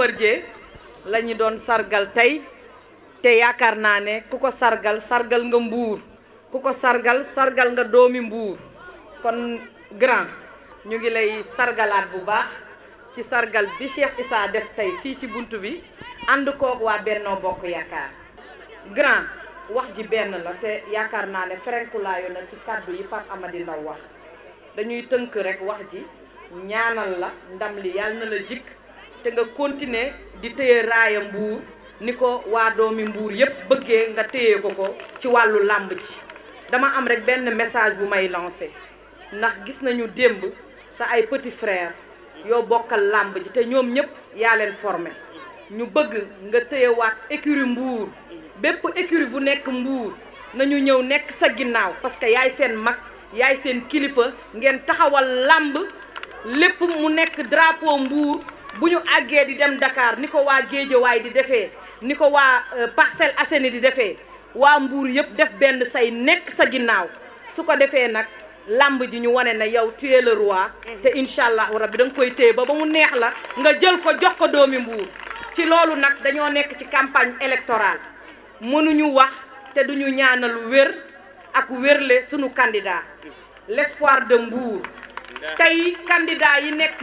mbeurje lañu sargal tay, te yaakaar naa kuko sargal sargal nga mbuur kuko sargal sargal nga doomi mbuur kon grand ñu ngi lay sargalat bu baax ci sargal bi Cheikh isa def tay fi ci buntu bi ko ak wa benno Bokk Yaakaar grand wax ji benn la te yaakaar frenku la yo na ci kàddu yi Pape amadi Ndaw wax dañuy teunk rek wax ji ñaanal la ndam li yalla na la te nga continuer di téye raaya mbuur ni ko waa doomi mbuur yëpp bëggee nga téye ko ko ci wàllu làmb ji dama am rek benn message bu may lancé ndax gis nañu démb sa ay petit frère yoo bokkal làmb ji te ñoom ñëpp yaa leen formé ñu bëgg nga téyewaat écurie mbuur bépp écurie bu nekk mbuur nañu ñëw nekk sa ginnaaw parce que yaay seen mag yaay seen kilifa ngeen taxawal làmb lépp mu nekk drapo mbuur bu ñu àggee di dem Dakar ni ko waa waay di defee ni ko waa euh, Parcelles Assainies di defee waa mbuur yëpp def benn say nekk sa ginnaaw su ko defee nag làmb ji ñu wane na yow tu es roi mhm. te incha allahu rab da nga koy téye ba ba mu neex la nga jël ko jox ko doomi Mbour ci loolu nag dañoo nekk ci campagne électorale mënuñu wax te duñu ñaanal wér ak wérle sunu candidat mhm. l'espoir de Mbour tey candidat yi nekk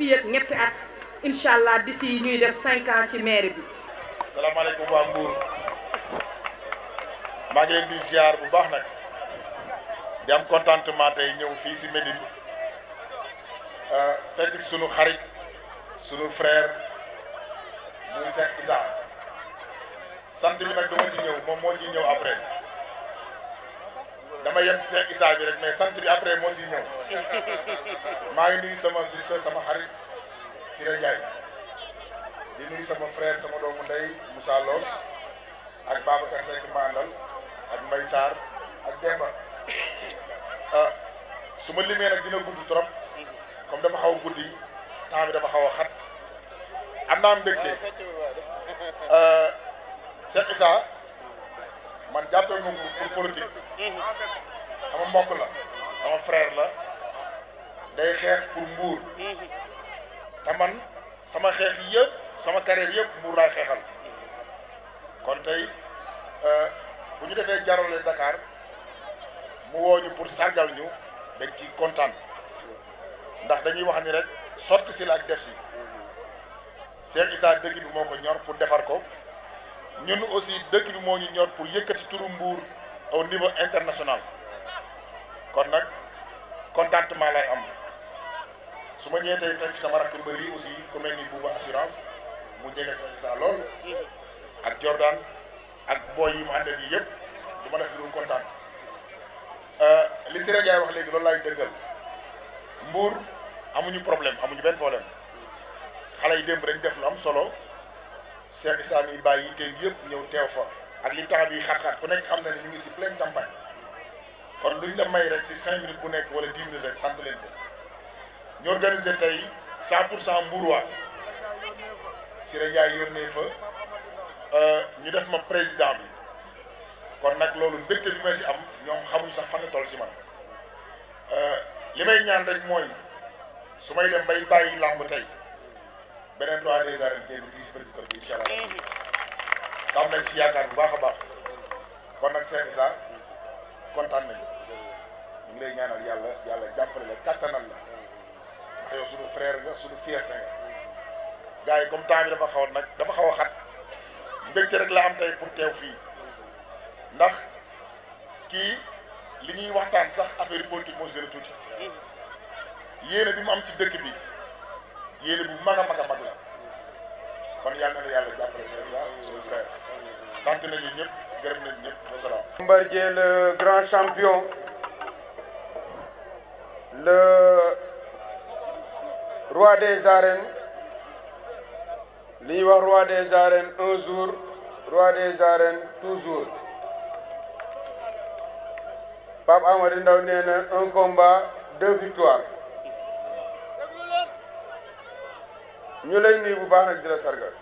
fii ak at incha allah d'ici ñuy def cinq ans ci mairie bi. salaamaaleykum waa Mbour maa ngi leen di ziar bu baax nag di am contentement tey ñëw fii si Médine euh, fekk sunu xarit sunu frère muy Cheikh Issa sant bi nag dama ci ñëw moom moo ci ñëw après. dama yem si Cheikh Issa bi rek mais sant bi après moo si ñëw maa ngi nuyu sama sister sama xarit Sira Ndiaye di nuyu sama frère sama doomu ndey Moussa Loos ak Babacar Seck Mandal ak Mbaye Sarr ak Demba ah su ma limee nag dina gudd trop comme dafa xaw guddi temps bi dafa xaw a xat am naa mbégte ah, Cheikh Issa. man jàppee ko pour politique. sama mbokk la. sama frère la. day xeex pour mbuur. te man sama xeex yëpp sama carrière yëpp mbuur laay xeexal. kon tey euh, bu ñu defee jarole Dakar mu woo ñu pour sargal ñu dañ ciy kontaan ndax dañuy wax ni rek sotti si la ak def si Cheikh saa dëkk bi moo ko ñor pour defar ko. ñun aussi dëkk bi moo ñu ñor pour yëkkati turu Mbour au niveau international kon nag contentement lay am su ma ñëwee tey fekk sama rakk mbër yi aussi ku mel ni Bouba assurance mu jege sa saa lool ak Jordan ak boy yi mu àndal yi yëpp du ma def lu kontaan euh, li Sira Ndiaye wax léegi loolu laay dëggal Mbour amuñu problème amuñu benn problème xale yi démb dañ def lu am solo. Cheikh Issa mi bàyyi yitteem yëpp ñëw teew fa ak li temps bi xat-xat ku nekk xam na ne ñu ngi si pleine campagne kon luñ la may rek ci cinq minutes bu nekk wala dix minutes rek sant leen ko ñu organiser tey cent pour cent mbuurwaa Siré Ndiaye yónnee fa euh, ñu def ma président bi kon nag loolu mbégte bi ma si am ñoom xamul sax fan la toll si man euh, li may ñaan rek mooy su may dem bay bàyyi làmb tey beneen roi des arènes tey bu gis président bi incha allah mhm. nañ si yaakaar bu baax a baax kon nag seen sa kontaan nañu ñu ngi lay ñaanal yàlla yàlla jàppale la kattanal la ndax yow suñu frère nga suñu fierté nga gars yi comme temps dama dafa xaw nag dafa xaw a xat mbégte rek la am tey pour teew fii ndax kii li ñuy waxtaan sax affaire politique moo si gën tuuti mhm. yéene bi mu am ci dëkk bi. yéene bu mag a mag a mag la kon yàlla na yàlla jàppale Sénégal suñu frère sant nañu ñëpp gërëm nañu ñëpp wasalaam. Bombardier le grand champion le roi des arènes li ñuy wax roi des arènes un jour roi des arènes toujours Pape Amadou Ndaw nee na un combat deux victoires. ñu lay nuyu bu baax nag di la sargal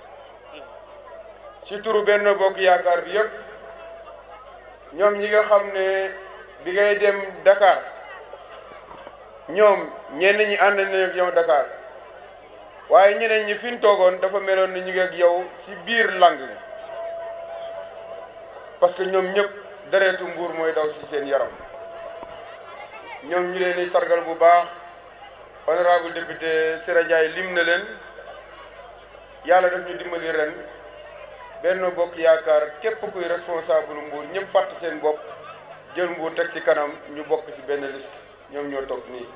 ci turu benn bokk yaakaar bi yëpp ñoom ñi nga xam ne bi ngay dem Dakar ñoom ñenn ñi ànd nañ ak yow Dakar waaye ñeneen ñi fiñ toogoon dafa meloon ne ñu ngi ak yow ci biir lang parce que ñoom ñëpp deretu nguur mooy daw si seen yaram ñoom ñu leen di sargal bu baax honorable député Sira Ndiaye lim na leen. yàlla daf ñu dimbali ren benn bokk yaakaar képp kuy responsable mbuur ñëpp fàtt seen bopp jël mbuur teg ci kanam ñu bokk si benn liste ñoom ñoo toog nii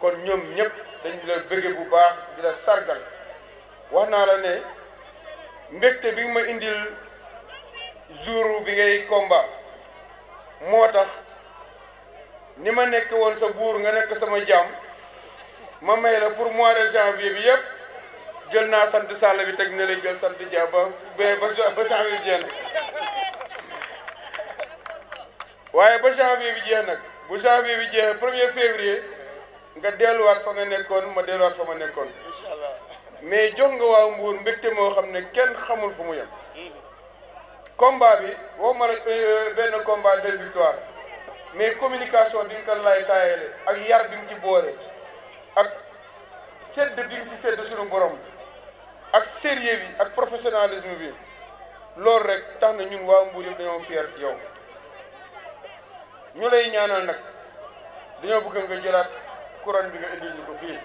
kon ñoom ñëpp dañu la bëgge bu baax di la sargal wax naa la ne bi ma indil jour bi ngay combat moo tax ni ma nekke woon sa buur nga nekk sama jàmm ma may la pour mois de janvier bi yëpp jël naa sant Sall bi teg na la jël sant Dia ba ba ba janvier jeex nag waaye ba janvier bi jeex nag bu janvier bi jeex premier février nga delluwaat fa nga nekkoon ma delluwaat fa ma nekkoon mais jox nga waaw Mbour mbégte moo xam ne kenn xamul fu mu yem combat bi waxuma la euh, euh, benn combat de mais communication bi nga ko lay taayale ak yar bi nga ci boole ak sedd bi nga sedd suñu borom ak sérieux yi ak professionnalisme bi loolu rek tax na ñun waa Mbour yëpp dañoo fier ci yow ñu lay ñaanal nag dañoo bëgg nga jëlaat couronne bi nga indil ñu ko fii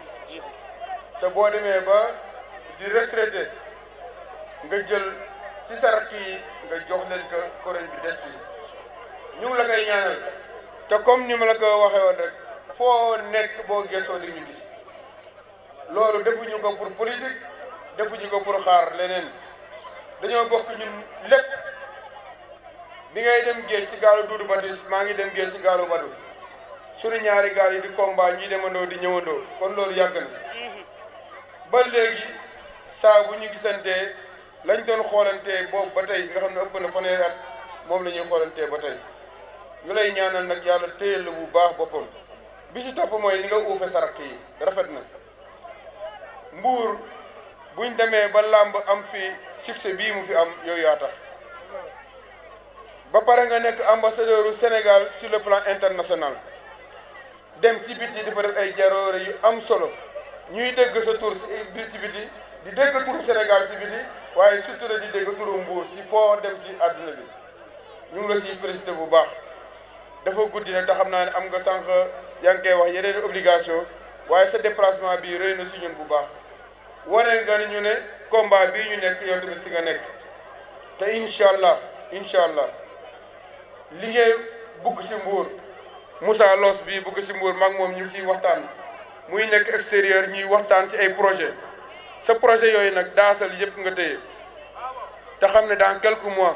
te boo demee ba di retraité nga jël si sa rakk nga jox leen ko couronne bi des fii ñu ngi la koy ñaanal te comme ni ma la ko waxee woon rek foo nekk boo gëstoo li ñu gis loolu defuñu ko pour politique. defuñu ko pour xaar leneen dañoo bokk ñun lépp bi ngay dem géej ci gaalu Duudu Badis maa ngi dem géej ci gaalu Badu suñu ñaari gaal yi di combat ñi demandoo di ñëwandoo kon loolu yàgg na ba léegi saa bu ñu gisantee lañ doon xoolantee boobu ba tey nga xam ne ëpp na fa at moom la ñuy xoolantee ba tey ñu lay ñaanal nag yàlla téyel bu baax boppam bi ci topp mooy ni nga uufe sarak yi rafet na mbuur buñ demee ba làmb am fi succès bii mu fi am yow yaa tax ba pare nga nekk ambassadeur u Sénégal sur le plan international dem ci biti dafa def ay jaroor yu am solo ñuy dégg sa tur ci biti di dégg turu Sénégal ci biti waaye surtout di dégg turu Mbour si foo dem si àdduna bi ñu ngi la ciy félicité bu baax dafa guddi nag te xam naa ne am nga sànq yaa ngi koy wax yeneen obligation waaye sa déplacement bi rey na si ñun bu baax wane nga ñu ne combat bii ñu nekk yow tamit si nga nekk te incha allah incha allah li ngay bugg si mbuur Moussa Loos bii bugg si mbuur mag moom ñu ciy waxtaan muy nekk extérieur ñuy waxtaan si ay projet sa projet yooyu nag daasal yëpp nga téye te xam ne dans quelques mois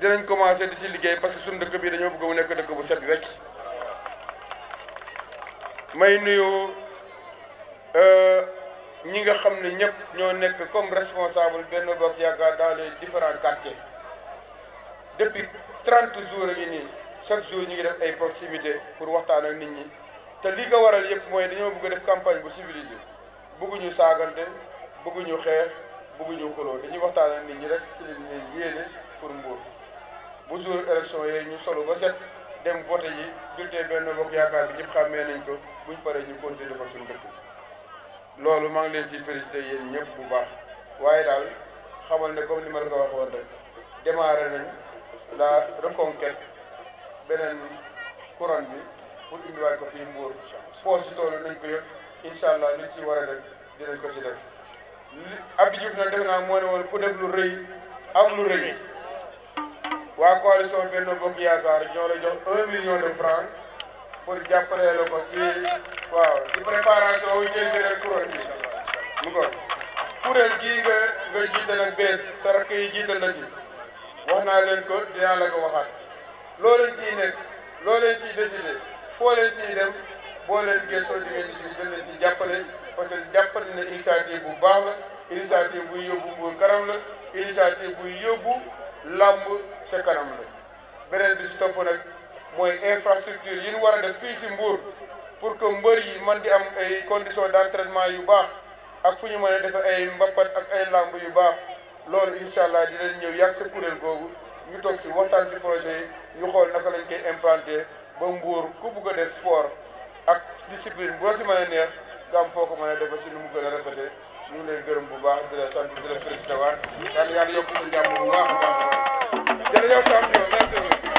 dinañ commencé di si liggéey parce que suñu dëkk bi dañoo bugg mu nekk dëkk bu set wecc may euh, ñi nga xam ne ñëpp ñoo nekk comme responsable Benno Bokk Yaakaar dans les différents quartiers depuis trente jours yi nii chaque jour ñu ngi def ay proximité pour waxtaan ak nit ñi te li ko waral yëpp mooy dañoo bëgg def campagne bu civilisée bëgguñu saagante bëgguñu xeex bëgguñu xuloo dañuy waxtaan ak nit ñi rek ci liñ leen yéene pour Mbour bu jour élection yooyu ñu solo ba set dem voté yi bulletin Benno Bokk Yaakaar bi ñëpp xàmmee nañ ko buñ paree ñu continuer defar suñu dëkk loolu maa ngi leen si félicité yéen ñëpp bu baax waaye daal xamal ne comme ni ma la ko wax woon rek démarré nañ la reconquête beneen couronne bi pour indiwaat ko fii Mbour foo si toolu nañ ko yëg incha allah liñ ci war a def dinañ ko ci def li Abdou Diouf nag def naa moo ne woon ku def lu rëy am lu rëy waa coalition Benno Bokk Yaakaar ñoo la jox un million de francs pour jàppale la ko si waaw si préparation yu jël beneen kuréel bi mu ko kuréel gii nga nga jiite nag bees sa yi jiite na ci wax naa leen ko dinaa la ko waxaat loo leen ciy nekk loo leen ciy décidé foo leen ciy dem boo leen gëstoo di ngeen gis dañ leen ci jàppale parce que jàppale na initiative bu baax la initiative buy yóbbu Mbour kanam la initiative buy yóbbu làmb sa kanam la beneen bi si topp nag. mooy infrastructure yi ñu war a def fii si Mbour pour que mbër yi man di am ay conditions d'entraînement yu baax ak fu ñu mën a def ay mbappat ak ay làmb yu baax loolu incha allah di leen ñëw yàgg sa kuréel googu ñu toog si waxtaan ci projet yi ñu xool naka lañ koy implanté ba Mbour ku bugg a def sport ak discipline boo ci mën a neex nga am foo ko mën a nu mu gën a rafetee ñu ngi lay gërëm bu baax di la sant di la félicité waat yokk sa jàmm bu baax a baax